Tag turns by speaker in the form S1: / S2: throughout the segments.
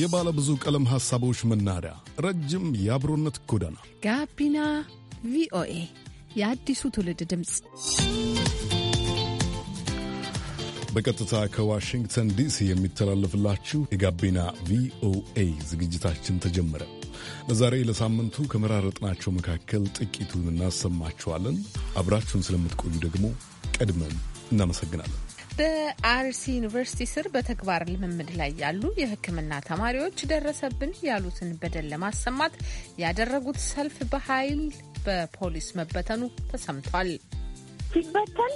S1: የባለ ብዙ ቀለም ሐሳቦች መናኸሪያ፣ ረጅም የአብሮነት ጎዳና
S2: ጋቢና ቪኦኤ የአዲሱ ትውልድ ድምፅ
S1: በቀጥታ ከዋሽንግተን ዲሲ የሚተላለፍላችሁ የጋቢና ቪኦኤ ዝግጅታችን ተጀመረ። ለዛሬ ለሳምንቱ ከመራረጥናቸው መካከል ጥቂቱን እናሰማችኋለን። አብራችሁን ስለምትቆዩ ደግሞ ቀድመን እናመሰግናለን።
S2: በአርሲ ዩኒቨርሲቲ ስር በተግባር ልምምድ ላይ ያሉ የሕክምና ተማሪዎች ደረሰብን ያሉትን በደል ለማሰማት ያደረጉት ሰልፍ በኃይል በፖሊስ መበተኑ ተሰምቷል።
S3: ሲበተን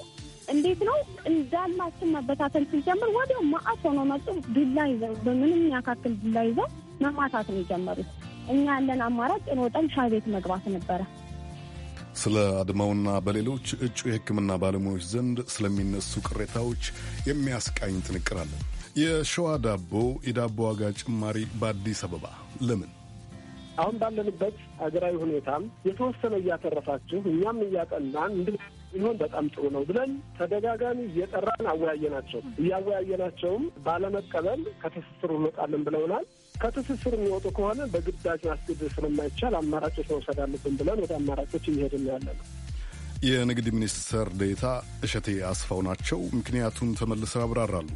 S3: እንዴት ነው እንዳልማችን መበታተን ሲጀምር ወዲያው ማአት ሆኖ መጡ። ዱላ ይዘው በምንም ያካክል ዱላ ይዘው መማታት ነው የጀመሩት። እኛ ያለን አማራጭ እንወጣን ሻይ ቤት መግባት ነበረ።
S1: ስለ አድማውና በሌሎች እጩ የሕክምና ባለሙያዎች ዘንድ ስለሚነሱ ቅሬታዎች የሚያስቃኝ ጥንቅር አለን። የሸዋ ዳቦ የዳቦ ዋጋ ጭማሪ በአዲስ አበባ ለምን?
S4: አሁን ባለንበት አገራዊ ሁኔታም የተወሰነ እያተረፋችሁ እኛም እያጠናን እንድ ይሆን በጣም ጥሩ ነው ብለን ተደጋጋሚ እየጠራን አወያየናቸው። እያወያየናቸውም ባለመቀበል ከትስስሩ እንወጣለን ብለውናል። ከትስስር የሚወጡ ከሆነ በግዳጅ ማስገደድ ስለማይቻል አማራጮች መውሰድ አለብን ብለን ወደ አማራጮች እየሄድን ያለ ነው።
S1: የንግድ ሚኒስትር ዴታ እሸቴ አስፋው ናቸው። ምክንያቱን ተመልሰው ያብራራሉ።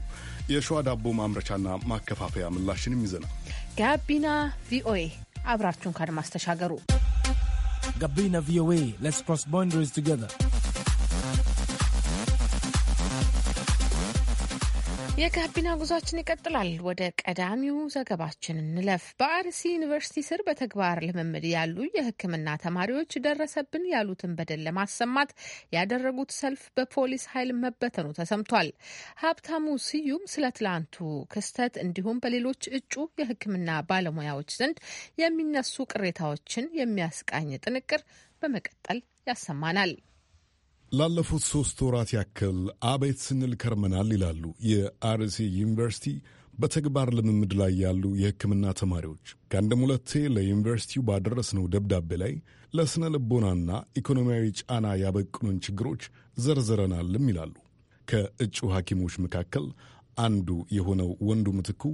S1: የሸዋ ዳቦ ማምረቻና ማከፋፈያ ምላሽንም ይዘናል።
S2: ጋቢና ቪኦኤ አብራችሁን ካድማስ ተሻገሩ።
S1: ጋቢና ቪኦኤ ሌትስ ክሮስ ቦንደሪስ ቱጌዘር
S2: የጋቢና ጉዟችን ይቀጥላል። ወደ ቀዳሚው ዘገባችን እንለፍ። በአርሲ ዩኒቨርሲቲ ስር በተግባር ልምምድ ያሉ የሕክምና ተማሪዎች ደረሰብን ያሉትን በደል ለማሰማት ያደረጉት ሰልፍ በፖሊስ ኃይል መበተኑ ተሰምቷል። ሀብታሙ ስዩም ስለ ትላንቱ ክስተት እንዲሁም በሌሎች እጩ የሕክምና ባለሙያዎች ዘንድ የሚነሱ ቅሬታዎችን የሚያስቃኝ ጥንቅር በመቀጠል ያሰማናል።
S1: ላለፉት ሶስት ወራት ያክል አቤት ስንል ከርመናል ይላሉ የአርሲ ዩኒቨርሲቲ በተግባር ልምምድ ላይ ያሉ የሕክምና ተማሪዎች። ከአንድም ሁለቴ ለዩኒቨርሲቲው ባደረስነው ደብዳቤ ላይ ለሥነ ልቦናና ኢኮኖሚያዊ ጫና ያበቁንን ችግሮች ዘርዝረናልም ይላሉ። ከእጩ ሐኪሞች መካከል አንዱ የሆነው ወንዱ ምትኩ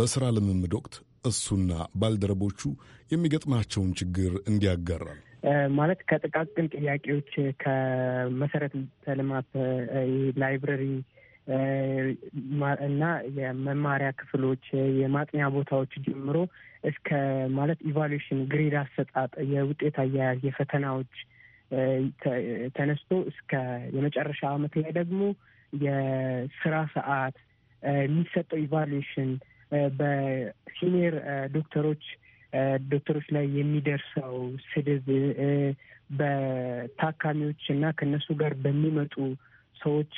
S1: በሥራ ልምምድ ወቅት እሱና ባልደረቦቹ የሚገጥማቸውን ችግር እንዲያጋራል።
S4: ማለት ከጥቃቅን ጥያቄዎች ከመሰረተ ልማት ላይብረሪ እና የመማሪያ ክፍሎች፣ የማጥኛ ቦታዎች ጀምሮ እስከ ማለት ኢቫሉዌሽን ግሬድ አሰጣጥ፣ የውጤት አያያዝ፣ የፈተናዎች ተነስቶ እስከ የመጨረሻ አመት ላይ ደግሞ የስራ ሰዓት የሚሰጠው ኢቫሉዌሽን በሲኒየር ዶክተሮች ዶክተሮች ላይ የሚደርሰው ስድብ በታካሚዎች እና ከነሱ ጋር በሚመጡ ሰዎች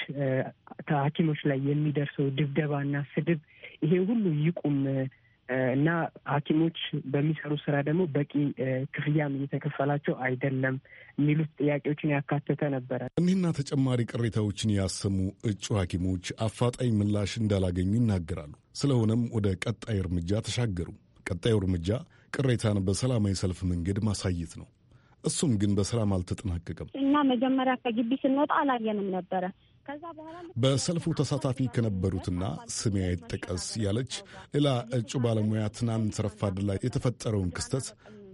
S4: ሐኪሞች ላይ የሚደርሰው ድብደባ እና ስድብ ይሄ ሁሉ ይቁም እና ሐኪሞች በሚሰሩ ስራ ደግሞ በቂ ክፍያም እየተከፈላቸው አይደለም የሚሉት ጥያቄዎችን ያካተተ ነበረ።
S1: እኒህና ተጨማሪ ቅሬታዎችን ያሰሙ እጩ ሐኪሞች አፋጣኝ ምላሽ እንዳላገኙ ይናገራሉ። ስለሆነም ወደ ቀጣይ እርምጃ ተሻገሩ። ቀጣዩ እርምጃ ቅሬታን በሰላማዊ ሰልፍ መንገድ ማሳየት ነው። እሱም ግን በሰላም አልተጠናቀቀም
S3: እና መጀመሪያ ከግቢ ስንወጣ አላየንም ነበረ።
S1: በሰልፉ ተሳታፊ ከነበሩትና ስሜ አይጠቀስ ያለች ሌላ እጩ ባለሙያ ትናንት ረፋድ ላይ የተፈጠረውን ክስተት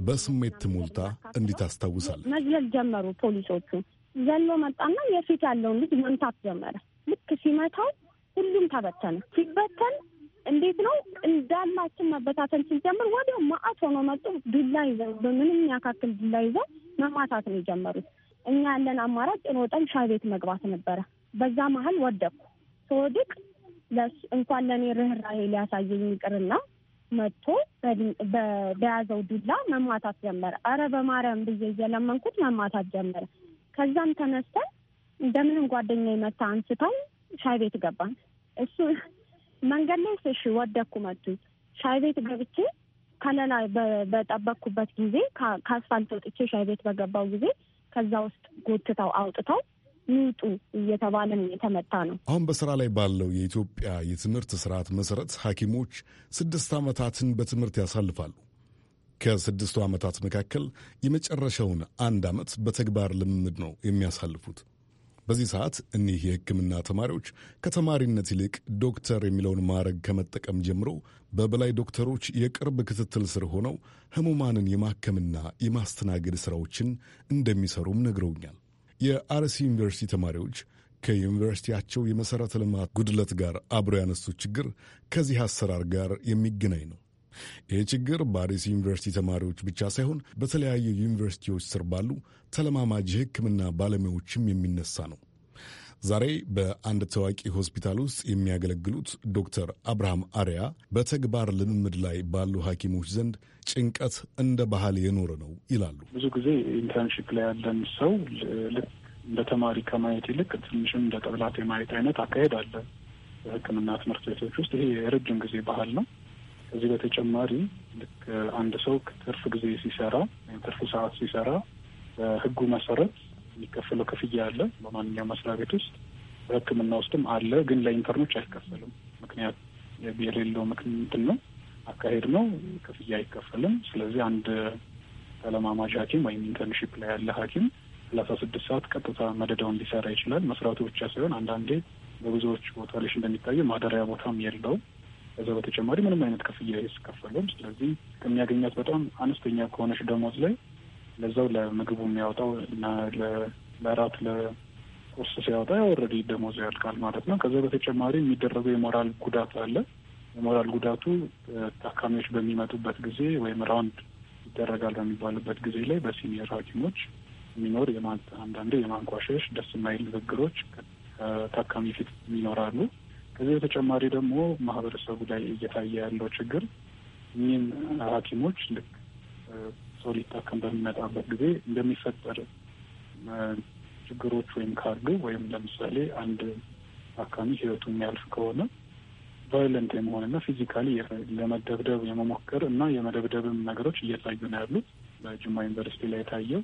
S1: በስሜት ትሞልታ እንዲህ ታስታውሳለች።
S3: መዝለል ጀመሩ ፖሊሶቹ። ዘሎ መጣና የፊት ያለውን ልጅ መምታት ጀመረ። ልክ ሲመታው ሁሉም ተበተነ። ሲበተን እንዴት ነው እንዳላችን መበታተን ስንጀምር ወዲያው ማአት ሆኖ መጡ። ዱላ ይዘው በምንም ያካክል ዱላ ይዘው መማታት ነው የጀመሩት። እኛ ያለን አማራጭ ጭኖጠን ሻይ ቤት መግባት ነበረ። በዛ መሀል ወደቅኩ። ስወድቅ እንኳን ለእኔ ርኅራሄ ሊያሳየኝ ይቅርና መጥቶ በያዘው ዱላ መማታት ጀመረ። አረ በማርያም ብዬ እየለመንኩት መማታት ጀመረ። ከዛም ተነስተን እንደምንም ጓደኛ የመታ አንስታው ሻይ ቤት ገባን። እሱ መንገድ ላይ ወደኩ መቱኝ። ሻይ ቤት ገብቼ ከለላ በጠበቅኩበት ጊዜ ከአስፋልት ወጥቼ ሻይ ቤት በገባው ጊዜ ከዛ ውስጥ ጎትተው አውጥተው ሚውጡ እየተባለ የተመጣ ነው።
S1: አሁን በስራ ላይ ባለው የኢትዮጵያ የትምህርት ስርዓት መሰረት ሐኪሞች ስድስት ዓመታትን በትምህርት ያሳልፋሉ። ከስድስቱ ዓመታት መካከል የመጨረሻውን አንድ ዓመት በተግባር ልምምድ ነው የሚያሳልፉት። በዚህ ሰዓት እኒህ የሕክምና ተማሪዎች ከተማሪነት ይልቅ ዶክተር የሚለውን ማዕረግ ከመጠቀም ጀምሮ በበላይ ዶክተሮች የቅርብ ክትትል ስር ሆነው ህሙማንን የማከምና የማስተናገድ ሥራዎችን እንደሚሰሩም ነግረውኛል። የአርሲ ዩኒቨርሲቲ ተማሪዎች ከዩኒቨርሲቲያቸው የመሠረተ ልማት ጉድለት ጋር አብረው ያነሱት ችግር ከዚህ አሰራር ጋር የሚገናኝ ነው። ይህ ችግር በአዲስ ዩኒቨርሲቲ ተማሪዎች ብቻ ሳይሆን በተለያዩ ዩኒቨርሲቲዎች ስር ባሉ ተለማማጅ የሕክምና ባለሙያዎችም የሚነሳ ነው። ዛሬ በአንድ ታዋቂ ሆስፒታል ውስጥ የሚያገለግሉት ዶክተር አብርሃም አሪያ በተግባር ልምምድ ላይ ባሉ ሐኪሞች ዘንድ ጭንቀት እንደ ባህል የኖረ ነው ይላሉ።
S5: ብዙ ጊዜ ኢንተርንሽፕ ላይ ያለን ሰው ልክ እንደ ተማሪ ከማየት ይልቅ ትንሽም እንደ ጠብላት የማየት አይነት አካሄድ አለ። በህክምና ትምህርት ቤቶች ውስጥ ይሄ የረጅም ጊዜ ባህል ነው። ከዚህ በተጨማሪ ልክ አንድ ሰው ትርፍ ጊዜ ሲሰራ ወይም ትርፍ ሰዓት ሲሰራ በህጉ መሰረት የሚከፈለው ክፍያ አለ። በማንኛውም መስሪያ ቤት ውስጥ በህክምና ውስጥም አለ፣ ግን ለኢንተርኖች አይከፈልም። ምክንያት የሌለው ምክንት ነው አካሄድ ነው። ክፍያ አይከፈልም። ስለዚህ አንድ ተለማማጅ ሐኪም ወይም ኢንተርንሺፕ ላይ ያለ ሐኪም ሰላሳ ስድስት ሰዓት ቀጥታ መደዳውን ሊሰራ ይችላል። መስራቱ ብቻ ሳይሆን አንዳንዴ በብዙዎች ቦታ ላይ እንደሚታየው ማደሪያ ቦታም የለውም። ከዛ በተጨማሪ ምንም አይነት ክፍያ አይከፈለውም። ስለዚህ ከሚያገኛት በጣም አነስተኛ ከሆነች ደሞዝ ላይ ለዛው ለምግቡ የሚያወጣው እና ለራት ለቁርስ ሲያወጣ ኦልሬዲ ደሞዝ ያልቃል ማለት ነው። ከዛ በተጨማሪ የሚደረገው የሞራል ጉዳት አለ። የሞራል ጉዳቱ ታካሚዎች በሚመጡበት ጊዜ ወይም ራውንድ ይደረጋል በሚባልበት ጊዜ ላይ በሲኒየር ሐኪሞች የሚኖር አንዳንዴ የማንቋሸሽ ደስ የማይል ንግግሮች ከታካሚ ፊት ይኖራሉ። ከዚህ በተጨማሪ ደግሞ ማህበረሰቡ ላይ እየታየ ያለው ችግር እኚህን ሐኪሞች ልክ ሰው ሊታከም በሚመጣበት ጊዜ እንደሚፈጠር ችግሮች ወይም ካርግ ወይም ለምሳሌ አንድ ታካሚ ህይወቱ የሚያልፍ ከሆነ ቫዮለንት የመሆንና ፊዚካሊ ለመደብደብ የመሞከር እና የመደብደብም ነገሮች እየታዩ ነው ያሉት። በጅማ ዩኒቨርሲቲ ላይ የታየው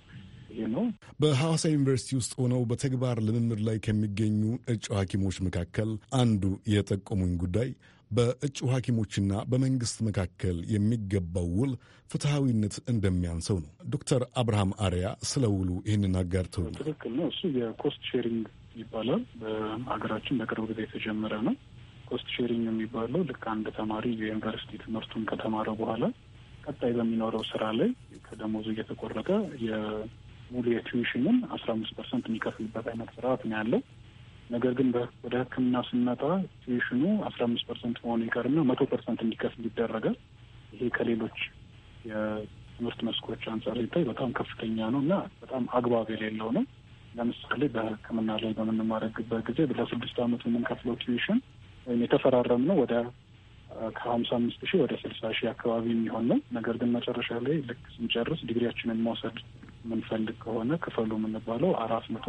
S5: ይህ ነው።
S1: በሐዋሳ ዩኒቨርሲቲ ውስጥ ሆነው በተግባር ልምምድ ላይ ከሚገኙ እጩ ሐኪሞች መካከል አንዱ የጠቆሙኝ ጉዳይ በእጩ ሐኪሞችና በመንግሥት መካከል የሚገባው ውል ፍትሐዊነት እንደሚያንሰው ነው። ዶክተር አብርሃም አሪያ ስለ ውሉ ይህንን አጋርተው።
S5: ትክክል ነው። እሱ የኮስት ሼሪንግ ይባላል። በሀገራችን በቅርብ ጊዜ የተጀመረ ነው። ኮስት ሼሪንግ የሚባለው ልክ አንድ ተማሪ የዩኒቨርሲቲ ትምህርቱን ከተማረ በኋላ ቀጣይ በሚኖረው ስራ ላይ ከደሞዙ እየተቆረጠ ሙሉ የቲዩሽንን አስራ አምስት ፐርሰንት የሚከፍልበት አይነት ስርዓት ነው ያለው። ነገር ግን ወደ ሕክምና ስንመጣ ቲዩሽኑ አስራ አምስት ፐርሰንት መሆኑ ይቀርና መቶ ፐርሰንት እንዲከፍል ይደረጋል። ይሄ ከሌሎች የትምህርት መስኮች አንጻር ሲታይ በጣም ከፍተኛ ነው እና በጣም አግባብ የሌለው ነው። ለምሳሌ በሕክምና ላይ በምንማረግበት ጊዜ ለስድስት አመቱ የምንከፍለው ቲዩሽን ወይም የተፈራረም ነው ወደ ከሀምሳ አምስት ሺህ ወደ ስልሳ ሺህ አካባቢ የሚሆን ነው። ነገር ግን መጨረሻ ላይ ልክ ስንጨርስ ዲግሪያችንን መውሰድ የምንፈልግ ከሆነ ክፈሉ የምንባለው አራት መቶ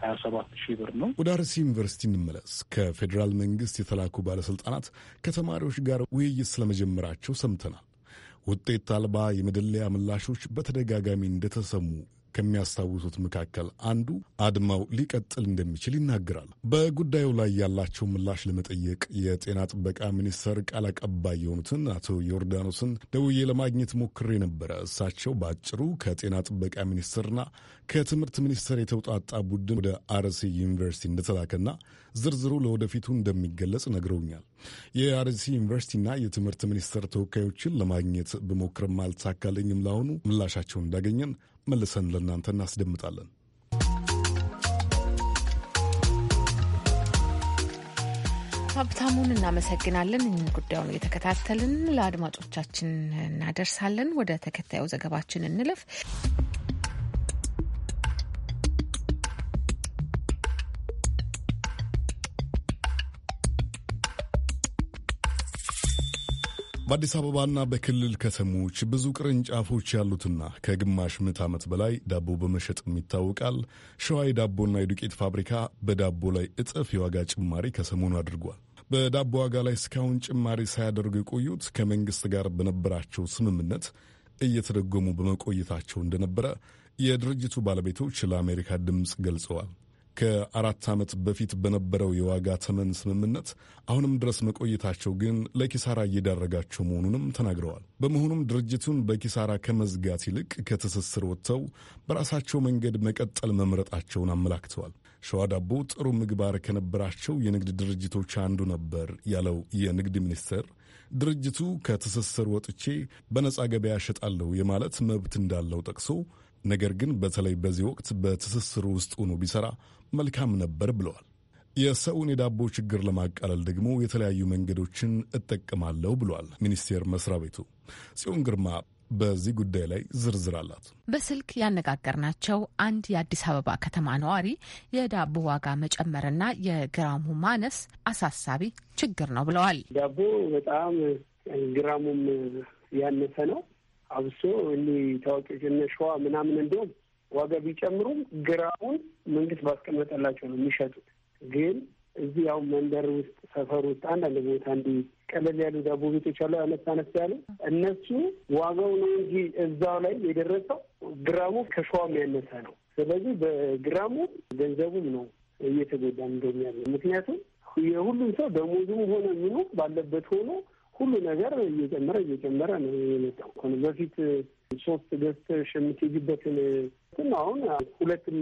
S5: ሀያ ሰባት ሺህ ብር ነው።
S1: ወደ አርሲ ዩኒቨርሲቲ እንመለስ። ከፌዴራል መንግስት የተላኩ ባለስልጣናት ከተማሪዎች ጋር ውይይት ስለመጀመራቸው ሰምተናል። ውጤት አልባ የመደለያ ምላሾች በተደጋጋሚ እንደተሰሙ ከሚያስታውሱት መካከል አንዱ አድማው ሊቀጥል እንደሚችል ይናገራል። በጉዳዩ ላይ ያላቸው ምላሽ ለመጠየቅ የጤና ጥበቃ ሚኒስቴር ቃል አቀባይ የሆኑትን አቶ ዮርዳኖስን ደውዬ ለማግኘት ሞክሬ ነበረ። እሳቸው በአጭሩ ከጤና ጥበቃ ሚኒስቴርና ከትምህርት ሚኒስቴር የተውጣጣ ቡድን ወደ አርሲ ዩኒቨርሲቲ እንደተላከና ዝርዝሩ ለወደፊቱ እንደሚገለጽ ነግረውኛል። የአርሲ ዩኒቨርሲቲና የትምህርት ሚኒስቴር ተወካዮችን ለማግኘት ብሞክርም አልተሳካልኝም። ለአሁኑ ምላሻቸውን እንዳገኘን መልሰን ለእናንተ እናስደምጣለን።
S2: ሀብታሙን እናመሰግናለን። ይህን ጉዳዩን እየተከታተልን ለአድማጮቻችን እናደርሳለን። ወደ ተከታዩ ዘገባችን እንለፍ።
S1: በአዲስ አበባና በክልል ከተሞች ብዙ ቅርንጫፎች ያሉትና ከግማሽ ምዕት ዓመት በላይ ዳቦ በመሸጥም ይታወቃል። ሸዋይ ዳቦና የዱቄት ፋብሪካ በዳቦ ላይ እጥፍ የዋጋ ጭማሪ ከሰሞኑ አድርጓል። በዳቦ ዋጋ ላይ እስካሁን ጭማሪ ሳያደርጉ የቆዩት ከመንግሥት ጋር በነበራቸው ስምምነት እየተደጎሙ በመቆየታቸው እንደነበረ የድርጅቱ ባለቤቶች ለአሜሪካ ድምፅ ገልጸዋል። ከአራት ዓመት በፊት በነበረው የዋጋ ተመን ስምምነት አሁንም ድረስ መቆየታቸው ግን ለኪሳራ እየዳረጋቸው መሆኑንም ተናግረዋል። በመሆኑም ድርጅቱን በኪሳራ ከመዝጋት ይልቅ ከትስስር ወጥተው በራሳቸው መንገድ መቀጠል መምረጣቸውን አመላክተዋል። ሸዋ ዳቦ ጥሩ ምግባር ከነበራቸው የንግድ ድርጅቶች አንዱ ነበር ያለው የንግድ ሚኒስቴር ድርጅቱ ከትስስር ወጥቼ በነጻ ገበያ እሸጣለሁ የማለት መብት እንዳለው ጠቅሶ ነገር ግን በተለይ በዚህ ወቅት በትስስር ውስጥ ሆኖ ቢሰራ መልካም ነበር ብለዋል። የሰውን የዳቦ ችግር ለማቃለል ደግሞ የተለያዩ መንገዶችን እጠቀማለሁ ብለዋል ሚኒስቴር መስሪያ ቤቱ። ጽዮን ግርማ በዚህ ጉዳይ ላይ ዝርዝር አላት።
S2: በስልክ ያነጋገርናቸው አንድ የአዲስ አበባ ከተማ ነዋሪ የዳቦ ዋጋ መጨመርና የግራሙ ማነስ አሳሳቢ ችግር ነው ብለዋል።
S4: ዳቦ በጣም ግራሙም ያነሰ ነው አብሶ እኒ ታዋቂዎች እነ ሸዋ ምናምን እንዲሁም ዋጋ ቢጨምሩም ግራውን መንግስት ባስቀመጠላቸው ነው የሚሸጡት። ግን እዚህ ያው መንደር ውስጥ ሰፈር ውስጥ አንዳንድ ቦታ እንዲህ ቀለል ያሉ ዳቦ ቤቶች አሉ፣ አነስ አነስ ያሉ እነሱ ዋጋው ነው እንጂ እዛው ላይ የደረሰው ግራሙ ከሸዋም ያነሰ ነው። ስለዚህ በግራሙ ገንዘቡም ነው እየተጎዳ እንደሚያለ ምክንያቱም የሁሉም ሰው ደሞዙም ሆነ ምኑ ባለበት ሆኖ ሁሉ ነገር እየጨመረ እየጨመረ ነው የመጣው። በፊት ሶስት ገዝተሽ የምትሄጂበትን ሁለትም አሁን ሁለትም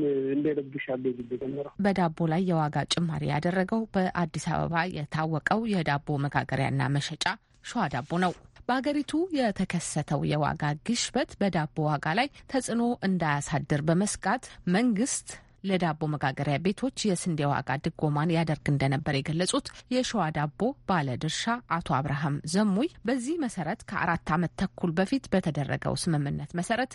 S4: ጀምረ
S2: በዳቦ ላይ የዋጋ ጭማሪ ያደረገው በአዲስ አበባ የታወቀው የዳቦ መጋገሪያና መሸጫ ሸዋ ዳቦ ነው። በሀገሪቱ የተከሰተው የዋጋ ግሽበት በዳቦ ዋጋ ላይ ተጽዕኖ እንዳያሳድር በመስጋት መንግስት ለዳቦ መጋገሪያ ቤቶች የስንዴ ዋጋ ድጎማን ያደርግ እንደነበር የገለጹት የሸዋ ዳቦ ባለ ድርሻ አቶ አብርሃም ዘሙይ በዚህ መሰረት ከአራት ዓመት ተኩል በፊት በተደረገው ስምምነት መሰረት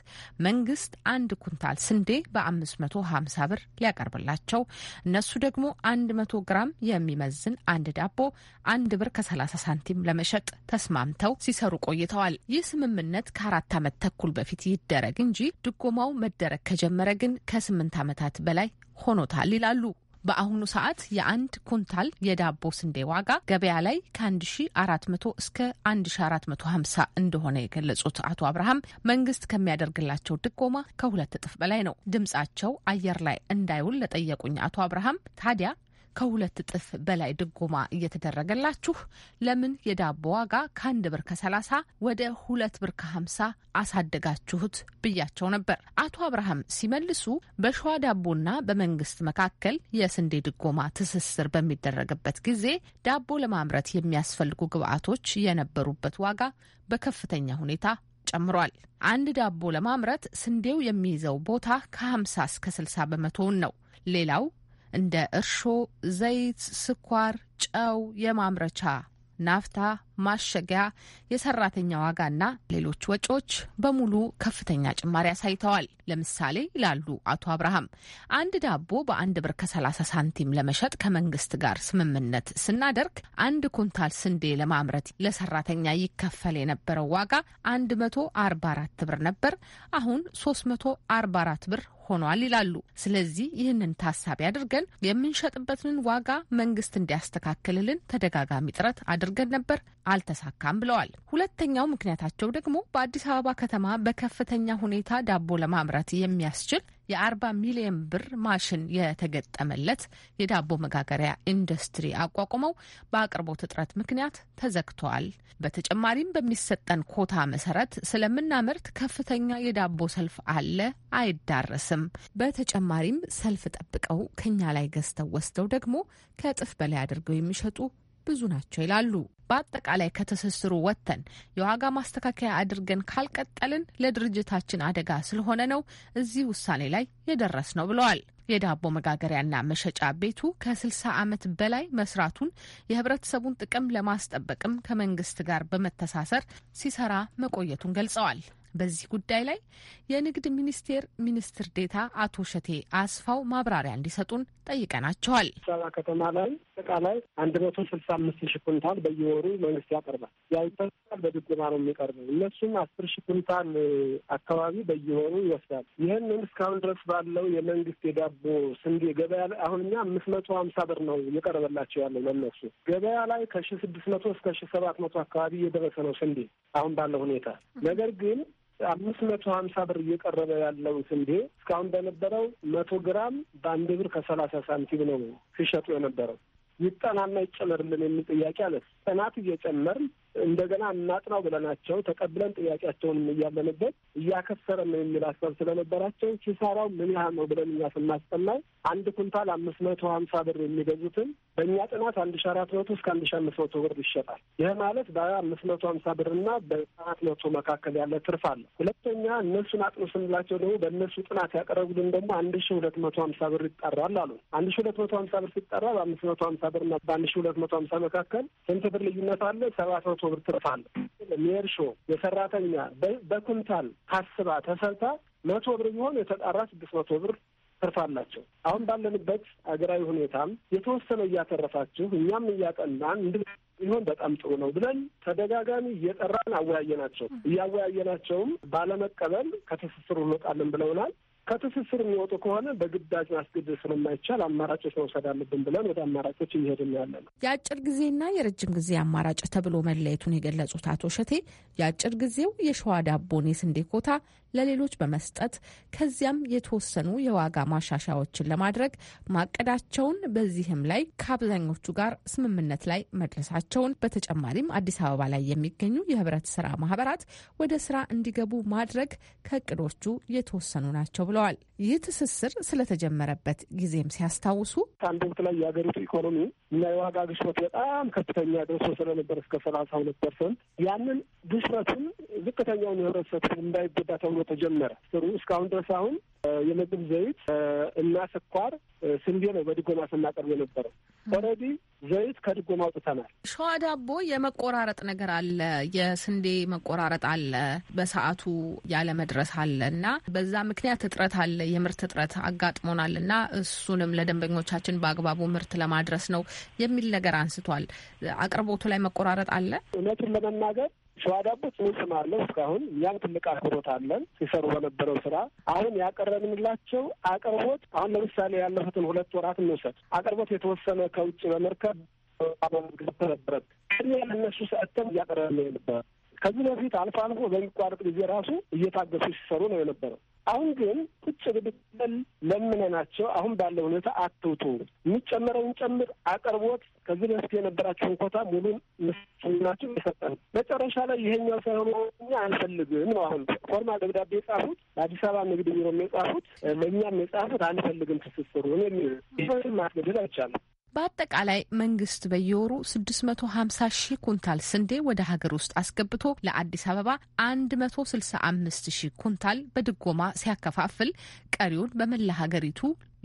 S2: መንግስት አንድ ኩንታል ስንዴ በ550 ብር ሊያቀርብላቸው እነሱ ደግሞ 100 ግራም የሚመዝን አንድ ዳቦ አንድ ብር ከ30 ሳንቲም ለመሸጥ ተስማምተው ሲሰሩ ቆይተዋል። ይህ ስምምነት ከአራት ዓመት ተኩል በፊት ይደረግ እንጂ ድጎማው መደረግ ከጀመረ ግን ከስምንት ዓመታት በ በላይ ሆኖታል ይላሉ። በአሁኑ ሰዓት የአንድ ኩንታል የዳቦ ስንዴ ዋጋ ገበያ ላይ ከ1400 እስከ 1450 እንደሆነ የገለጹት አቶ አብርሃም መንግስት ከሚያደርግላቸው ድጎማ ከሁለት እጥፍ በላይ ነው። ድምጻቸው አየር ላይ እንዳይውል ለጠየቁኝ አቶ አብርሃም ታዲያ ከሁለት እጥፍ በላይ ድጎማ እየተደረገላችሁ ለምን የዳቦ ዋጋ ከአንድ ብር ከሰላሳ ወደ ሁለት ብር ከሀምሳ አሳደጋችሁት ብያቸው ነበር። አቶ አብርሃም ሲመልሱ በሸዋ ዳቦና በመንግስት መካከል የስንዴ ድጎማ ትስስር በሚደረግበት ጊዜ ዳቦ ለማምረት የሚያስፈልጉ ግብዓቶች የነበሩበት ዋጋ በከፍተኛ ሁኔታ ጨምሯል። አንድ ዳቦ ለማምረት ስንዴው የሚይዘው ቦታ ከ50 እስከ 60 በመቶውን ነው። ሌላው እንደ እርሾ፣ ዘይት፣ ስኳር፣ ጨው፣ የማምረቻ ናፍታ ማሸጊያ፣ የሰራተኛ ዋጋና ሌሎች ወጪዎች በሙሉ ከፍተኛ ጭማሪ አሳይተዋል። ለምሳሌ ይላሉ አቶ አብርሃም፣ አንድ ዳቦ በአንድ ብር ከ30 ሳንቲም ለመሸጥ ከመንግስት ጋር ስምምነት ስናደርግ አንድ ኩንታል ስንዴ ለማምረት ለሰራተኛ ይከፈል የነበረው ዋጋ 144 ብር ነበር። አሁን 344 ብር ሆኗል ይላሉ። ስለዚህ ይህንን ታሳቢ አድርገን የምንሸጥበትን ዋጋ መንግስት እንዲያስተካክልልን ተደጋጋሚ ጥረት አድርገን ነበር። አልተሳካም ብለዋል። ሁለተኛው ምክንያታቸው ደግሞ በአዲስ አበባ ከተማ በከፍተኛ ሁኔታ ዳቦ ለማምረት የሚያስችል የአርባ ሚሊዮን ብር ማሽን የተገጠመለት የዳቦ መጋገሪያ ኢንዱስትሪ አቋቁመው በአቅርቦት እጥረት ምክንያት ተዘግተዋል። በተጨማሪም በሚሰጠን ኮታ መሰረት ስለምናመርት ከፍተኛ የዳቦ ሰልፍ አለ፣ አይዳረስም። በተጨማሪም ሰልፍ ጠብቀው ከኛ ላይ ገዝተው ወስደው ደግሞ ከእጥፍ በላይ አድርገው የሚሸጡ ብዙ ናቸው ይላሉ። በአጠቃላይ ከትስስሩ ወጥተን የዋጋ ማስተካከያ አድርገን ካልቀጠልን ለድርጅታችን አደጋ ስለሆነ ነው እዚህ ውሳኔ ላይ የደረስ ነው ብለዋል። የዳቦ መጋገሪያና መሸጫ ቤቱ ከ60 ዓመት በላይ መስራቱን የህብረተሰቡን ጥቅም ለማስጠበቅም ከመንግስት ጋር በመተሳሰር ሲሰራ መቆየቱን ገልጸዋል። በዚህ ጉዳይ ላይ የንግድ ሚኒስቴር ሚኒስትር ዴታ አቶ ሸቴ አስፋው ማብራሪያ እንዲሰጡን ጠይቀናቸዋል። አዲስ
S4: አበባ ከተማ ላይ አጠቃላይ አንድ መቶ ስልሳ አምስት ሺ ኩንታል በየወሩ መንግስት ያቀርባል። ያ ይፈሳል በድጎማ ነው የሚቀርበው። እነሱም አስር ሺ ኩንታል አካባቢ በየወሩ ይወስዳል። ይህን እስካሁን ድረስ ባለው የመንግስት የዳቦ ስንዴ ገበያ ላይ አሁን እኛ አምስት መቶ ሀምሳ ብር ነው እየቀረበላቸው ያለው ለነሱ ገበያ ላይ ከሺ ስድስት መቶ እስከ ሺ ሰባት መቶ አካባቢ እየደረሰ ነው ስንዴ አሁን ባለው ሁኔታ ነገር ግን አምስት መቶ ሀምሳ ብር እየቀረበ ያለው ስንዴ እስካሁን በነበረው መቶ ግራም በአንድ ብር ከሰላሳ ሳንቲም ነው ሲሸጡ የነበረው። ይጠናና ይጨመርልን የሚል ጥያቄ አለት ጥናት እየጨመርን እንደገና እናጥናው ብለናቸው ተቀብለን ጥያቄያቸውንም እያለንበት እያከሰረ ነው የሚል ሀሳብ ስለነበራቸው ኪሳራው ምን ያህል ነው ብለን እኛ ስናስጠናው አንድ ኩንታል አምስት መቶ ሀምሳ ብር የሚገዙትን በእኛ ጥናት አንድ ሺ አራት መቶ እስከ አንድ ሺ አምስት መቶ ብር ይሸጣል። ይህ ማለት በአምስት መቶ ሀምሳ ብርና በአራት መቶ መካከል ያለ ትርፍ አለ። ሁለተኛ እነሱን አጥኑ ስንላቸው ደግሞ በእነሱ ጥናት ያቀረቡልን ደግሞ አንድ ሺ ሁለት መቶ ሀምሳ ብር ይጠራል አሉ። አንድ ሺ ሁለት መቶ ሀምሳ ብር ሲጠራ በአምስት መቶ ሀምሳ ብርና በአንድ ሺ ሁለት መቶ ሀምሳ መካከል ስንት ብር ልዩነት አለ፣ ሰባት መቶ ብር ትርፍ አለ። ሜርሾ የሰራተኛ በኩንታል ታስባ ተሰርታ መቶ ብር ቢሆን የተጣራ ስድስት መቶ ብር ትርፍ አላቸው። አሁን ባለንበት አገራዊ ሁኔታም የተወሰነ እያተረፋችሁ እኛም እያጠናን እንድ ቢሆን በጣም ጥሩ ነው ብለን ተደጋጋሚ እየጠራን አወያየናቸው። እያወያየናቸውም ባለመቀበል ከትስስሩ እንወጣለን ብለውናል። ከትስስር የሚወጡ ከሆነ በግዳጅ ማስገደድ ስለማይቻል አማራጮች መውሰድ አለብን ብለን ወደ አማራጮች እየሄድን ያለ
S2: ነው። የአጭር ጊዜና የረጅም ጊዜ አማራጭ ተብሎ መለየቱን የገለጹት አቶ ሸቴ የአጭር ጊዜው የሸዋ ዳቦን የስንዴ ኮታ ለሌሎች በመስጠት ከዚያም የተወሰኑ የዋጋ ማሻሻያዎችን ለማድረግ ማቀዳቸውን በዚህም ላይ ከአብዛኞቹ ጋር ስምምነት ላይ መድረሳቸውን በተጨማሪም አዲስ አበባ ላይ የሚገኙ የህብረት ስራ ማህበራት ወደ ስራ እንዲገቡ ማድረግ ከእቅዶቹ የተወሰኑ ናቸው ብለዋል። ይህ ትስስር ስለተጀመረበት ጊዜም ሲያስታውሱ
S4: አንድ ወቅት ላይ የሀገሪቱ ኢኮኖሚ እና የዋጋ ግሽበት በጣም ከፍተኛ ደርሶ ስለነበር እስከ ሰላሳ ሁለት ፐርሰንት ያንን ግሽበቱን ዝቅተኛውን የህብረተሰብ እንዳይጎዳ ተብሎ ተጀመረ። ጥሩ እስካሁን ድረስ አሁን የምግብ ዘይት እና ስኳር፣ ስንዴ ነው በድጎማ ስናቀርብ የነበረው። ኦልሬዲ ዘይት ከድጎማ አውጥተናል።
S2: ሸዋ ዳቦ የመቆራረጥ ነገር አለ፣ የስንዴ መቆራረጥ አለ፣ በሰዓቱ ያለመድረስ አለ እና በዛ ምክንያት እጥረት አለ፣ የምርት እጥረት አጋጥሞናል እና እሱንም ለደንበኞቻችን በአግባቡ ምርት ለማድረስ ነው የሚል ነገር አንስቷል። አቅርቦቱ ላይ መቆራረጥ አለ።
S4: እውነቱን ለመናገር ሸዋ ዳቦ ጽኑ ስም አለው እስካሁን። እኛም ትልቅ አክብሮት አለን ሲሰሩ በነበረው ስራ። አሁን ያቀረብንላቸው አቅርቦት አሁን ለምሳሌ ያለፉትን ሁለት ወራት እንውሰድ። አቅርቦት የተወሰነ ከውጭ በመርከብ ግብ ነበረ። ቅድሚያ ለእነሱ ሰጥተን እያቀረብን ነበር። ከዚህ በፊት አልፎ አልፎ በሚቋረጥ ጊዜ ራሱ እየታገሱ ሲሰሩ ነው የነበረው። አሁን ግን ቁጭ ብድል ለምነናቸው አሁን ባለው ሁኔታ አትውጡ፣ የሚጨምረውን ጨምር አቅርቦት ከዚህ በፊት የነበራቸውን ኮታ ሙሉ ምስናቸው የሰጠን መጨረሻ ላይ ይሄኛው ሳይሆን እኛ አንፈልግም ነው። አሁን ፎርማል ደብዳቤ የጻፉት ለአዲስ አበባ ንግድ ቢሮም የጻፉት ለእኛም የጻፉት አንፈልግም ትስስሩ የሚል ይህም ማስገደል አይቻልም።
S2: በአጠቃላይ መንግስት በየወሩ 650 ሺህ ኩንታል ስንዴ ወደ ሀገር ውስጥ አስገብቶ ለአዲስ አበባ 165 ሺህ ኩንታል በድጎማ ሲያከፋፍል ቀሪውን በመላ ሀገሪቱ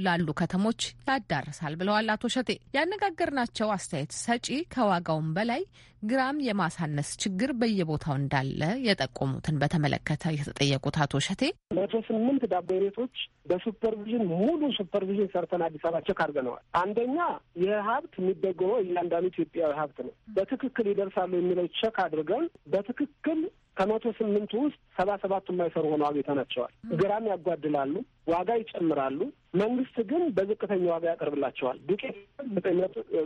S2: ላሉ ከተሞች ያዳርሳል ብለዋል አቶ ሸቴ። ያነጋገርናቸው አስተያየት ሰጪ ከዋጋውም በላይ ግራም የማሳነስ ችግር በየቦታው እንዳለ የጠቆሙትን በተመለከተ የተጠየቁት አቶ ሸቴ
S4: መቶ ስምንት ዳቦ ቤቶች በሱፐርቪዥን ሙሉ ሱፐርቪዥን ሰርተን አዲስ አበባ ቸክ አድርገነዋል። አንደኛ ይህ ሀብት የሚደጎመው እያንዳንዱ ኢትዮጵያዊ ሀብት ነው። በትክክል ይደርሳሉ የሚለው ቸክ አድርገን በትክክል ከመቶ ስምንቱ ውስጥ ሰባ ሰባቱ የማይሰሩ ሆነው አግኝተናቸዋል። ግራም ያጓድላሉ፣ ዋጋ ይጨምራሉ፣ መንግስት ግን በዝቅተኛ ዋጋ ያቀርብላቸዋል። ዱቄት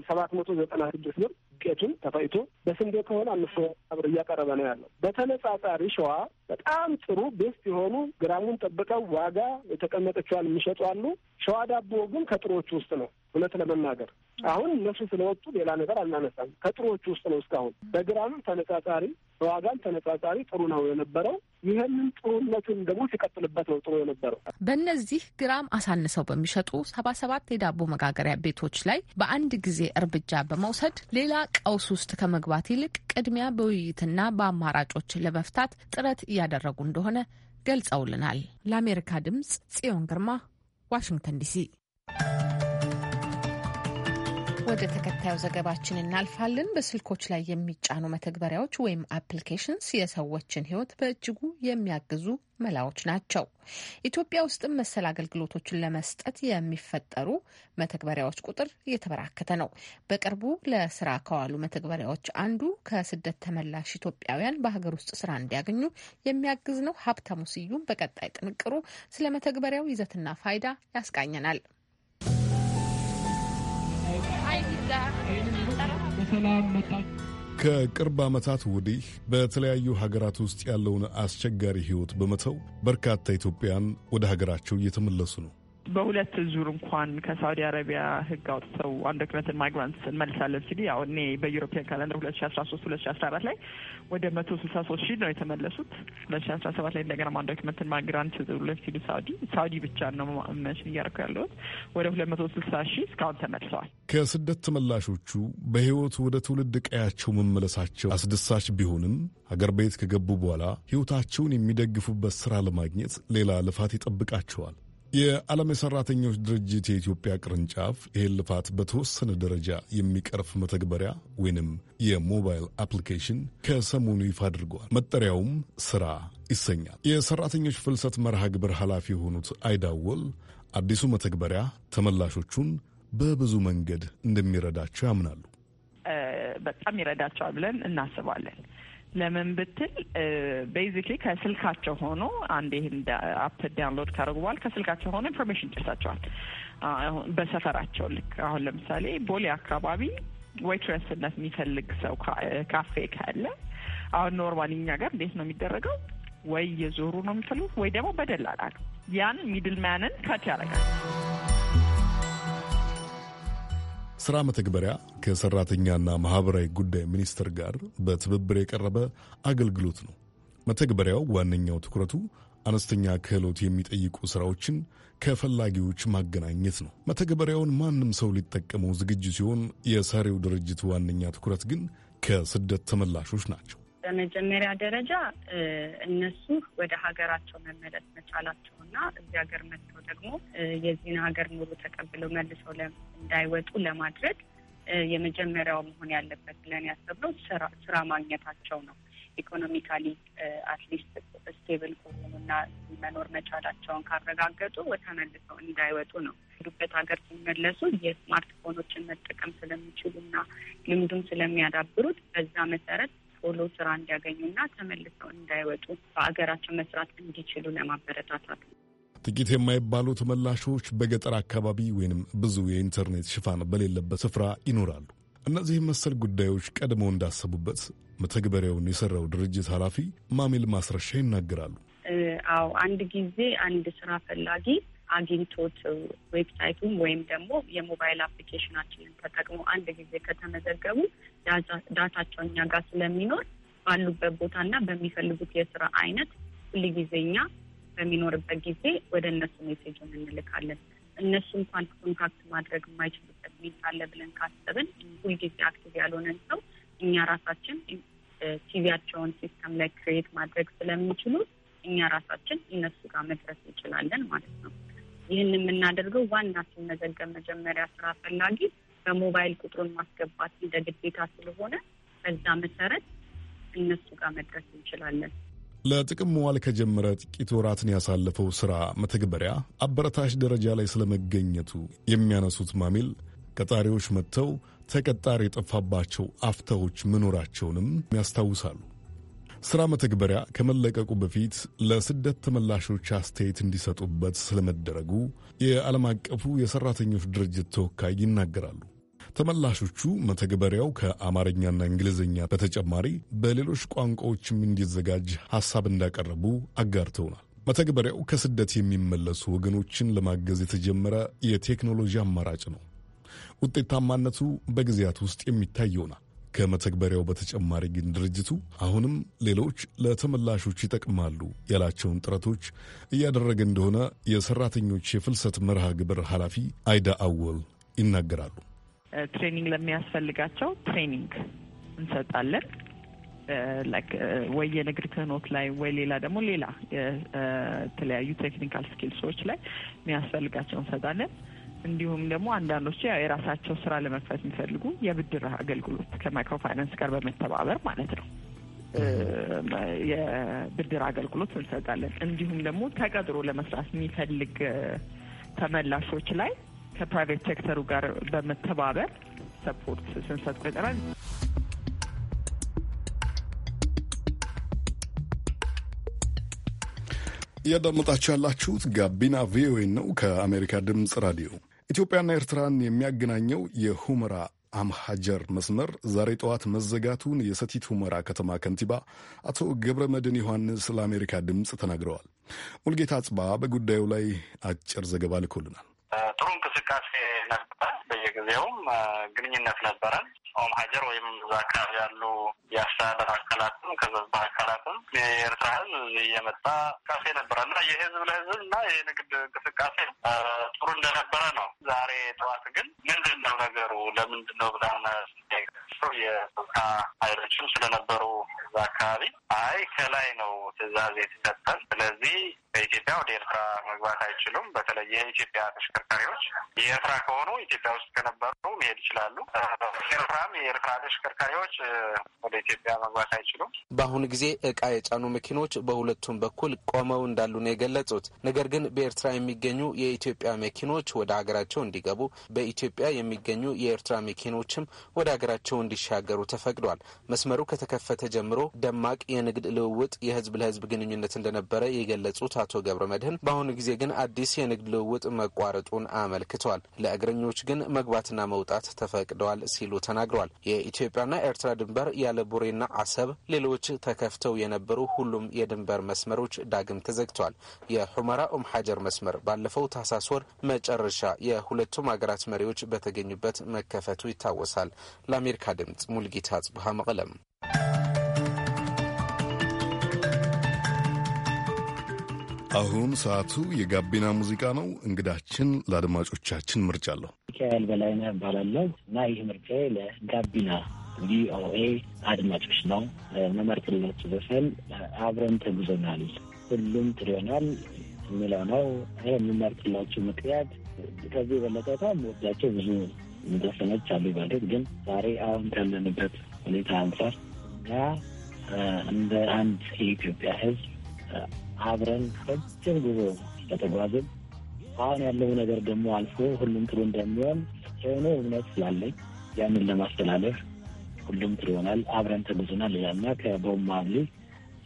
S4: ሰባት መቶ ዘጠና ስድስት ብር ዱቄቱን ተፈይቶ በስንዴ ከሆነ አምስት ብር እያቀረበ ነው ያለው። በተነጻጻሪ ሸዋ በጣም ጥሩ ቤስት የሆኑ ግራሙን ጠብቀው ዋጋ የተቀመጠችዋል የሚሸጡ አሉ። ሸዋ ዳቦ ግን ከጥሮዎቹ ውስጥ ነው። እውነት ለመናገር አሁን እነሱ ስለወጡ ሌላ ነገር አናነሳም። ከጥሮዎቹ ውስጥ ነው። እስካሁን በግራም ተነጻጻሪ በዋጋም ተነጻጻሪ ጥሩ ነው የነበረው። ይህንን ጥሩነትን ደግሞ ሲቀጥልበት ነው ጥሩ የነበረው።
S2: በእነዚህ ግራም አሳንሰው በሚሸጡ ሰባ ሰባት የዳቦ መጋገሪያ ቤቶች ላይ በአንድ ጊዜ እርምጃ በመውሰድ ሌላ ቀውስ ውስጥ ከመግባት ይልቅ ቅድሚያ በውይይትና በአማራጮች ለመፍታት ጥረት እያደረጉ እንደሆነ ገልጸውልናል። ለአሜሪካ ድምጽ ጽዮን ግርማ ዋሽንግተን ዲሲ ወደ ተከታዩ ዘገባችን እናልፋለን። በስልኮች ላይ የሚጫኑ መተግበሪያዎች ወይም አፕሊኬሽንስ የሰዎችን ሕይወት በእጅጉ የሚያግዙ መላዎች ናቸው። ኢትዮጵያ ውስጥም መሰል አገልግሎቶችን ለመስጠት የሚፈጠሩ መተግበሪያዎች ቁጥር እየተበራከተ ነው። በቅርቡ ለስራ ከዋሉ መተግበሪያዎች አንዱ ከስደት ተመላሽ ኢትዮጵያውያን በሀገር ውስጥ ስራ እንዲያገኙ የሚያግዝ ነው። ሀብታሙ ስዩም በቀጣይ ጥንቅሩ ስለ መተግበሪያው ይዘትና ፋይዳ ያስቃኘናል።
S1: ከቅርብ ዓመታት ወዲህ በተለያዩ ሀገራት ውስጥ ያለውን አስቸጋሪ ሕይወት በመተው በርካታ ኢትዮጵያን ወደ ሀገራቸው እየተመለሱ ነው።
S6: በሁለት ዙር እንኳን ከሳኡዲ አረቢያ ህግ አውጥተው አንዶክመንትን ማይግራንትስ እንመልሳለን ሲሉ ያው እኔ በዩሮፒያን ካለንደር ሁለት ሺ አስራ ሶስት ሁለት ሺ አስራ አራት ላይ ወደ መቶ ስልሳ ሶስት ሺህ ነው የተመለሱት። ሁለት ሺ አስራ ሰባት ላይ እንደገና አንዶክመንትን ማይግራንት ብለን ሲሉ ሳኡዲ ሳኡዲ ብቻ ነው መሽን እያደረኩ ያለሁት ወደ ሁለት መቶ ስልሳ ሺህ እስካሁን ተመልሰዋል።
S1: ከስደት ተመላሾቹ በህይወት ወደ ትውልድ ቀያቸው መመለሳቸው አስደሳች ቢሆንም አገር ቤት ከገቡ በኋላ ህይወታቸውን የሚደግፉበት ስራ ለማግኘት ሌላ ልፋት ይጠብቃቸዋል። የዓለም የሠራተኞች ድርጅት የኢትዮጵያ ቅርንጫፍ ይህን ልፋት በተወሰነ ደረጃ የሚቀርፍ መተግበሪያ ወይንም የሞባይል አፕሊኬሽን ከሰሞኑ ይፋ አድርጓል። መጠሪያውም ሥራ ይሰኛል። የሠራተኞች ፍልሰት መርሃ ግብር ኃላፊ የሆኑት አይዳወል አዲሱ መተግበሪያ ተመላሾቹን በብዙ መንገድ እንደሚረዳቸው ያምናሉ።
S6: በጣም ይረዳቸዋል ብለን እናስባለን። ለምን ብትል ቤዚክሊ ከስልካቸው ሆኖ አንድ ይህን አፕ ዳውንሎድ ካደረጉ በኋላ ከስልካቸው ሆኖ ኢንፎርሜሽን ይደርሳቸዋል። በሰፈራቸው ልክ አሁን ለምሳሌ ቦሌ አካባቢ ዌይትረስነት የሚፈልግ ሰው ካፌ ካለ አሁን ኖርማል እኛ ጋር እንዴት ነው የሚደረገው? ወይ የዞሩ ነው የሚፈልጉት ወይ ደግሞ በደላላ ነው። ያን ሚድል ማንን ከት ያደርጋል።
S1: ስራ መተግበሪያ ከሰራተኛና ማህበራዊ ጉዳይ ሚኒስቴር ጋር በትብብር የቀረበ አገልግሎት ነው። መተግበሪያው ዋነኛው ትኩረቱ አነስተኛ ክህሎት የሚጠይቁ ስራዎችን ከፈላጊዎች ማገናኘት ነው። መተግበሪያውን ማንም ሰው ሊጠቀመው ዝግጁ ሲሆን፣ የሰሪው ድርጅት ዋነኛ ትኩረት ግን ከስደት ተመላሾች ናቸው።
S7: በመጀመሪያ ደረጃ እነሱ ወደ ሀገራቸው መመለስ መቻላቸው እና እዚህ ሀገር መጥተው ደግሞ የዚህን ሀገር ኑሮ ተቀብለው መልሰው እንዳይወጡ ለማድረግ የመጀመሪያው መሆን ያለበት ብለን ያሰብነው ስራ ማግኘታቸው ነው። ኢኮኖሚካሊ አትሊስት ስቴብል ከሆኑና መኖር መቻላቸውን ካረጋገጡ ተመልሰው እንዳይወጡ ነው። ሄዱበት ሀገር ሲመለሱ የስማርትፎኖችን መጠቀም ስለሚችሉና ልምዱም ስለሚያዳብሩት በዛ መሰረት ቶሎ ስራ እንዲያገኙና ተመልሰው እንዳይወጡ በአገራቸው መስራት እንዲችሉ ለማበረታታት ነው።
S1: ጥቂት የማይባሉ ተመላሾች በገጠር አካባቢ ወይንም ብዙ የኢንተርኔት ሽፋን በሌለበት ስፍራ ይኖራሉ። እነዚህ መሰል ጉዳዮች ቀድመው እንዳሰቡበት መተግበሪያውን የሰራው ድርጅት ኃላፊ ማሜል ማስረሻ ይናገራሉ።
S7: አዎ አንድ ጊዜ አንድ ስራ ፈላጊ አግኝቶት ዌብሳይቱም ወይም ደግሞ የሞባይል አፕሊኬሽናችንን ተጠቅሞ አንድ ጊዜ ከተመዘገቡ ዳታቸው እኛ ጋር ስለሚኖር ባሉበት ቦታ በሚፈልጉት የስራ አይነት ሁል ጊዜ እኛ በሚኖርበት ጊዜ ወደ እነሱ ሜሴጁን እንልካለን። እነሱ እንኳን ኮንታክት ማድረግ የማይችሉበት ሁኔታ አለ ብለን ካሰብን ሁልጊዜ አክቲቭ ያልሆነን ሰው እኛ ራሳችን ቲቪያቸውን ሲስተም ላይ ክሬት ማድረግ ስለሚችሉ እኛ ራሳችን እነሱ ጋር መድረስ እንችላለን ማለት ነው። ይህን የምናደርገው ዋና ሲመዘገብ መጀመሪያ ስራ ፈላጊ በሞባይል ቁጥሩን ማስገባት እንደ ግዴታ ስለሆነ በዛ መሰረት እነሱ ጋር መድረስ እንችላለን።
S1: ለጥቅም መዋል ከጀመረ ጥቂት ወራትን ያሳለፈው ስራ መተግበሪያ አበረታች ደረጃ ላይ ስለመገኘቱ የሚያነሱት ማሚል ቀጣሪዎች መጥተው ተቀጣሪ የጠፋባቸው አፍታዎች መኖራቸውንም ያስታውሳሉ። ስራ መተግበሪያ ከመለቀቁ በፊት ለስደት ተመላሾች አስተያየት እንዲሰጡበት ስለመደረጉ የዓለም አቀፉ የሰራተኞች ድርጅት ተወካይ ይናገራሉ። ተመላሾቹ መተግበሪያው ከአማርኛና እንግሊዝኛ በተጨማሪ በሌሎች ቋንቋዎችም እንዲዘጋጅ ሐሳብ እንዳቀረቡ አጋርተውናል። መተግበሪያው ከስደት የሚመለሱ ወገኖችን ለማገዝ የተጀመረ የቴክኖሎጂ አማራጭ ነው። ውጤታማነቱ በጊዜያት ውስጥ የሚታይ ይሆናል። ከመተግበሪያው በተጨማሪ ግን ድርጅቱ አሁንም ሌሎች ለተመላሾች ይጠቅማሉ ያላቸውን ጥረቶች እያደረገ እንደሆነ የሰራተኞች የፍልሰት መርሃ ግብር ኃላፊ አይዳ አወል ይናገራሉ።
S6: ትሬኒንግ ለሚያስፈልጋቸው ትሬኒንግ እንሰጣለን ወይ የንግድ ክህኖት ላይ ወይ ሌላ ደግሞ ሌላ የተለያዩ ቴክኒካል ስኪልሶች ላይ የሚያስፈልጋቸው እንሰጣለን። እንዲሁም ደግሞ አንዳንዶች የራሳቸው ስራ ለመክፈት የሚፈልጉ የብድር አገልግሎት ከማይክሮ ፋይናንስ ጋር በመተባበር ማለት ነው የብድር አገልግሎት እንሰጣለን። እንዲሁም ደግሞ ተቀጥሮ ለመስራት የሚፈልግ ተመላሾች ላይ ከፕራይቬት ሴክተሩ ጋር በመተባበር ሰፖርት
S5: ስንሰጥ ቆይተናል።
S1: እያዳመጣችሁ ያላችሁት ጋቢና ቪኦኤ ነው ከአሜሪካ ድምፅ ራዲዮ ኢትዮጵያና ኤርትራን የሚያገናኘው የሁመራ አምሃጀር መስመር ዛሬ ጠዋት መዘጋቱን የሰቲት ሁመራ ከተማ ከንቲባ አቶ ገብረ መድን ዮሐንስ ለአሜሪካ ድምፅ ተናግረዋል። ሙልጌታ አጽባ በጉዳዩ ላይ አጭር ዘገባ ልኮልናል። ጥሩ እንቅስቃሴ ሰርታ በየጊዜውም ግንኙነት
S4: ነበረን። ኦም ሀጀር ወይም እዛ አካባቢ ያሉ የአስተዳደር አካላትም ከዘዝባ አካላትም የኤርትራ ሕዝብ እየመጣ እንቅስቃሴ ነበረ እና የህዝብ ለህዝብ እና የንግድ እንቅስቃሴ ጥሩ እንደነበረ ነው። ዛሬ ጠዋት ግን ምንድን ነው ነገሩ ለምንድን ነው ብለን የጸጥታ ኃይሎችም ስለነበሩ እዛ አካባቢ አይ ከላይ ነው ትዕዛዝ የተሰጠን ስለዚህ ከኢትዮጵያ ወደ ኤርትራ መግባት አይችሉም። በተለይ የኢትዮጵያ ተሽከርካሪዎች የኤርትራ ከሆ ስለሆኑ ኢትዮጵያ ውስጥ ከነበሩ መሄድ ይችላሉ። ኤርትራም የኤርትራ ተሽከርካሪዎች ወደ ኢትዮጵያ መግባት አይችሉም።
S3: በአሁኑ ጊዜ እቃ የጫኑ መኪኖች በሁለቱም በኩል ቆመው እንዳሉ ነው የገለጹት። ነገር ግን በኤርትራ የሚገኙ የኢትዮጵያ መኪኖች ወደ ሀገራቸው እንዲገቡ፣ በኢትዮጵያ የሚገኙ የኤርትራ መኪኖችም
S1: ወደ ሀገራቸው እንዲሻገሩ ተፈቅዷል። መስመሩ ከተከፈተ ጀምሮ ደማቅ የንግድ ልውውጥ፣ የህዝብ ለህዝብ ግንኙነት እንደነበረ የገለጹት አቶ ገብረ መድህን በአሁኑ ጊዜ ግን አዲስ የንግድ ልውውጥ መቋረጡን አመልክተዋል። ለእግር ፍልሰተኞች ግን መግባትና መውጣት ተፈቅደዋል ሲሉ ተናግረዋል። የኢትዮጵያና ኤርትራ ድንበር ያለ ቡሬና አሰብ፣ ሌሎች ተከፍተው የነበሩ ሁሉም የድንበር መስመሮች ዳግም ተዘግተዋል። የሁመራ ኡም ሀጀር መስመር ባለፈው ታህሳስ ወር መጨረሻ የሁለቱም ሀገራት መሪዎች በተገኙበት መከፈቱ ይታወሳል። ለአሜሪካ ድምጽ ሙልጌታ ጽቡሃ መቀለም አሁን ሰዓቱ የጋቢና ሙዚቃ ነው። እንግዳችን ለአድማጮቻችን ምርጫ አለሁ።
S8: ሚካኤል በላይነህ እባላለሁ እና ይህ ምርጫ ለጋቢና ቪኦኤ አድማጮች ነው መመርጥላችሁ ዘፈን አብረን ተጉዞናል፣ ሁሉም ትሪሆናል የሚለው ነው። ይህ የምመርጥላችሁ ምክንያት ከዚህ የበለጠ በጣም ወዳቸው ብዙ ዘፈኖች አሉ። ባለት ግን ዛሬ አሁን ካለንበት ሁኔታ አንጻር እና እንደ አንድ የኢትዮጵያ ሕዝብ አብረን ረጅም ጉዞ ስለተጓዝን አሁን ያለው ነገር ደግሞ አልፎ ሁሉም ጥሩ እንደሚሆን የሆነ እምነት ስላለኝ ያንን ለማስተላለፍ ሁሉም ጥሩ ይሆናል፣ አብረን ተጉዞናል ይላልና ከቦማ ብሊ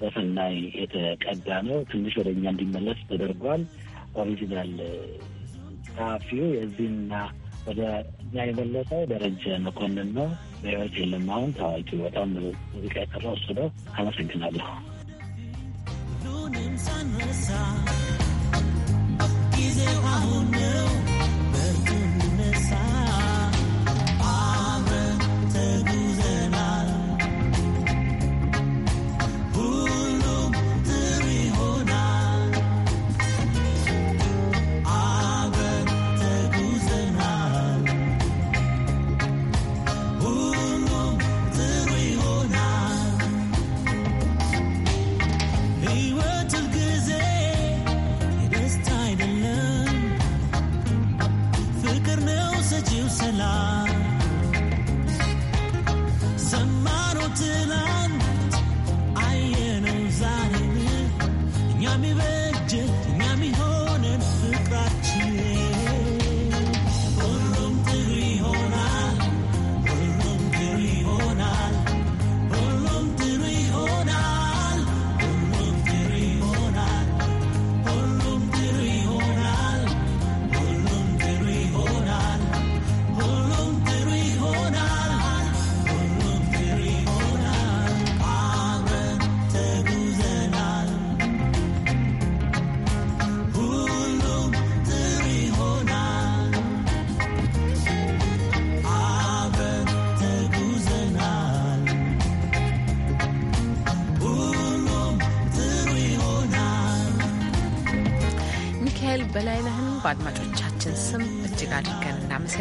S8: ዘፈን ላይ የተቀዳ ነው። ትንሽ ወደ እኛ እንዲመለስ ተደርጓል። ኦሪጂናል ጸሐፊው የዚህና ወደ እኛ የመለሰው ደረጀ መኮንን ነው። በህይወት የለም አሁን ታዋቂ በጣም ሙዚቃ የሰራው እሱ ነው። አመሰግናለሁ።
S9: I'm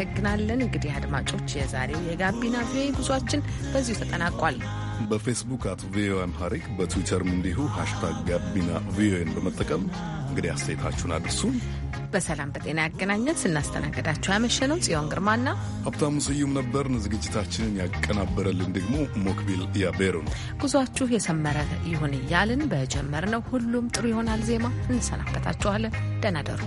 S2: እናመሰግናለን። እንግዲህ አድማጮች የዛሬው የጋቢና ቪኦኤ ጉዟችን በዚሁ ተጠናቋል።
S1: በፌስቡክ አት ቪኦኤ አምሃሪክ በትዊተርም እንዲሁ ሃሽታግ ጋቢና ቪኦኤን በመጠቀም እንግዲህ አስተያየታችሁን አድርሱ።
S2: በሰላም በጤና ያገናኘን። ስናስተናገዳችሁ ያመሸነው ጽዮን ግርማና
S1: ሀብታሙ ስዩም ነበርን። ዝግጅታችንን ያቀናበረልን ደግሞ ሞክቢል ያቤሩ ነው።
S2: ጉዟችሁ የሰመረ ይሁን እያልን በጀመርነው ሁሉም ጥሩ ይሆናል ዜማ እንሰናበታችኋለን። ደህና ደሩ።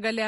S2: sagalia